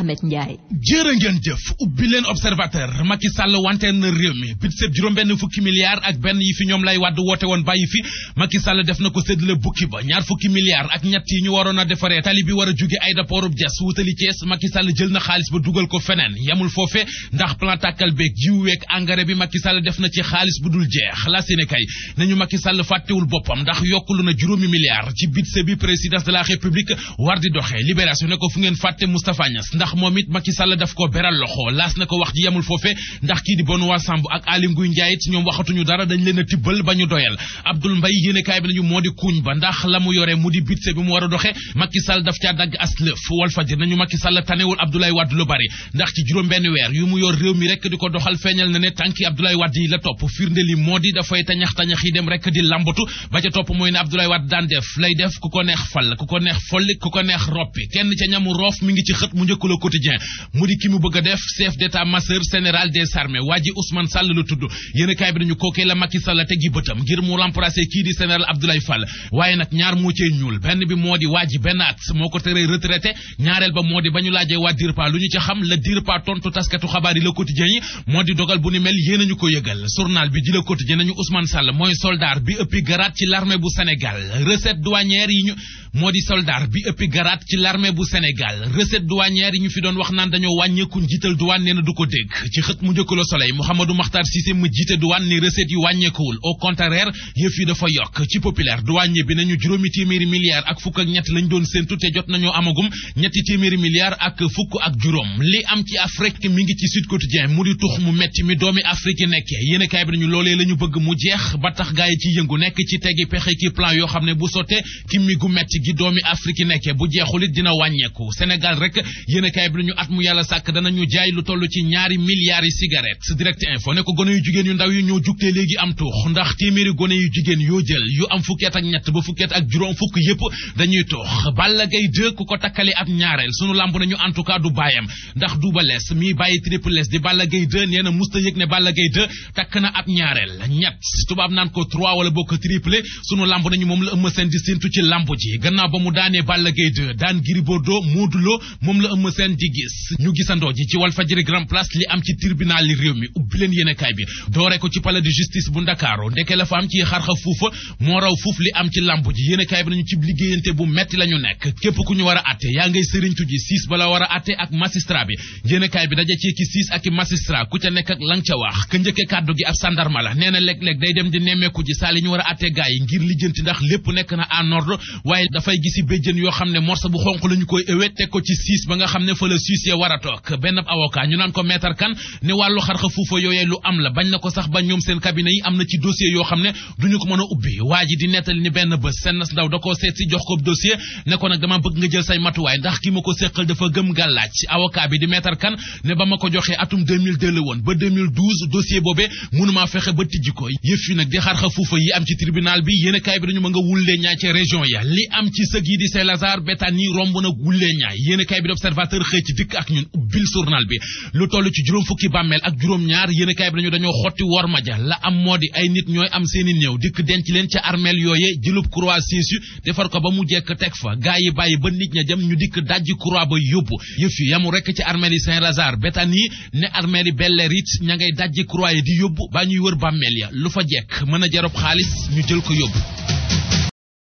Mohamed Ndiaye jërë ngeen jëf ubbi leen observateur Macky Sall na réew mi budget juróom-benn fukki milliards ak benn yi fi ñoom lay wàdd woote woon bàyyi fi Macky Sall def na ko séddale bukki ba ñaar fukki milliards ak ñett yi ñu waroon a defaree tali bi war a jóge aéroportub Diass wutali Thiès Macky jël na xaalis ba dugal ko feneen yamul foofe ndax plan tàkkal beeg jiw weeg engrais bi Macky def na ci xaalis bu dul jeex la seene kay nañu Macky Sall fàttewul boppam ndax yokkulu na juróomi milliards ci budget bi présidence de la république war di doxee libération ne ndax moom it Macky Sall daf ko beral loxo laas na ko wax ji yemul foofe ndax kii di Benoît Sambou ak Aly Ngouille Ndiaye it ñoom waxatuñu dara dañ leen a tibbal ba ñu doyal Abdoul Mbaye yéenekaay bi nañu moo di kuuñ ba ndax la mu yore mu di budget bi mu war a doxe Macky Sall daf caa dagg as lëf Walfadjri nañu Macky Sall tanewul Abdoulaye Wade lu bari ndax ci juróom benn weer yu mu yor réew mi rek di ko doxal feeñal na ne tànki Abdoulaye Wade yi la topp moo di dafay tañax-tañax di lambatu ba ca topp mooy ne Abdoulaye Wade daan ko neex fal ku ko neex folli ku ko neex roppi kenn ca ñamu roof mi quotidien mu di ki mu bëgg a def chef d'état major général des armées waa ji Ousmane Sall la tudd yéen bi nañu kookee la Macky Sall tegi bëtam ngir mu remplacer kii di général Abdoulaye Fall waaye nag ñaar moo cee ñuul benn bi moo di waa ji benn at moo ko teree retraité ñaareel ba moo di ba laajee waa DIRPA lu ñu ci xam la DIRPA tontu taskatu xabaar yi la quotidien yi moo di dogal bu ni mel yéen ñu ko yëgal journal bi di la quotidien nañu yi ñu fi doon wax naan dañoo wàññeeku njiital duwaan nee du ko dégg ci xët mu njëkk Le Soleil Mouhamadou Makhtar Cissé mu jiite duwaan ni recette yu wàññeekuwul au contraire yëf yi dafa yokk ci populaire douanier bi nañu juróomi téeméeri milliards ak fukk ak ñett lañ doon séntu te jot nañoo amagum ñetti téeméeri milliards ak fukk ak juróom li am ci Afrique mi ngi ci Sud Quotidien mu di tux mu metti mi doomi Afrique yi nekkee yéen kaay bi nañu loolee la ñu bëgg mu jeex ba tax nekk ci teggi pexe ki yoo xam ne bu sotte ki mi gu metti gi doomi Afrique yi nekkee bu jeexul dina wàññeeku Sénégal rek yéenekaay bi nañu at mu yàlla sàkk danañu jaay lu toll ci ñaari milliards yi cigarettes direct info ne ko gone yu jigéen yu ndaw yi ñoo jugtee léegi am tuux ndax téeméeri gone yu jigéen yoo jël yu am fukkeet ak ñett ba fukkeet ak juróom fukk yépp dañuy tuux Balla Gaye 2 ku ko takkale ab ñaareel sunu làmb nañu en du bàyyam ndax Double Less mi bàyyi Triple Less di Balla Gaye 2 nee na musta yëg ne Balla Gaye 2 takk na ab ñaareel ñett tubaab naan ko 3 wala bokk triplé sunu làmb nañu moom la Eumeu Sène di séentu seen di gis ñu gisandoo ji ci Walfadjri Grand Place li am ci tribunal li réew mi ubbi leen bi doore ko ci palais justice bu Ndakaaru ndeke la am ci xarxa fuufa moo raw fuuf li am ci làmb ji yéenekaay bi nañu ci liggéeyante bu metti la nekk képp ku ñu war a atte yaa ngay sëriñtu ji siis bala war a ak magistrat bi yéenekaay bi daje ci ki siis ak i ku ca nekk lang ca wax ka njëkke kàddu gi ab sandarma la nee na léeg day a ne fa la suisse war a toog benn avocat ñu naan ko maître kan ne wàllu xarxa fuufa yooyee lu am la bañ na ko sax ba ñoom seen cabinet yi am na ci dossier yoo xam ne duñu ko mën a ubbi waa di nettali ni benn bés seen nas ndaw da koo seet si jox ko dossier ne ko nag dama bëgg nga jël say matuwaay ndax ki ma ko séqal dafa gëm gàllaaj avocat bi di maître kan ne ba ma ko joxee atum 2002 la woon ba 2012 boobee mënumaa fexe ba tijji ko yëf yi nag a kaay a heure xëy ci dikk ak ñun ubbil bi lu toll ci juróom fukki bàmmeel ak juróom-ñaar yéenekaay bi nañu dañoo xotti wor ma ja la am moo di ay nit ñooy seeni néew dikk denc leen ca armeel yooye jëlub croix siisu defar ko ba mu jekk teg fa gaa yi bàyyi ba nit ña dem ñu dikk dajj croix ba yóbbu yëf yi yamu rekk ci armeel yi Saint-Lazare Béthanie ne armeel yi bel ña ngay dajji croix yi di yóbbu ba ñuy wër bàmmeel ya lu fa jekk mën a jarob xaalis ñu jël ko yóbbu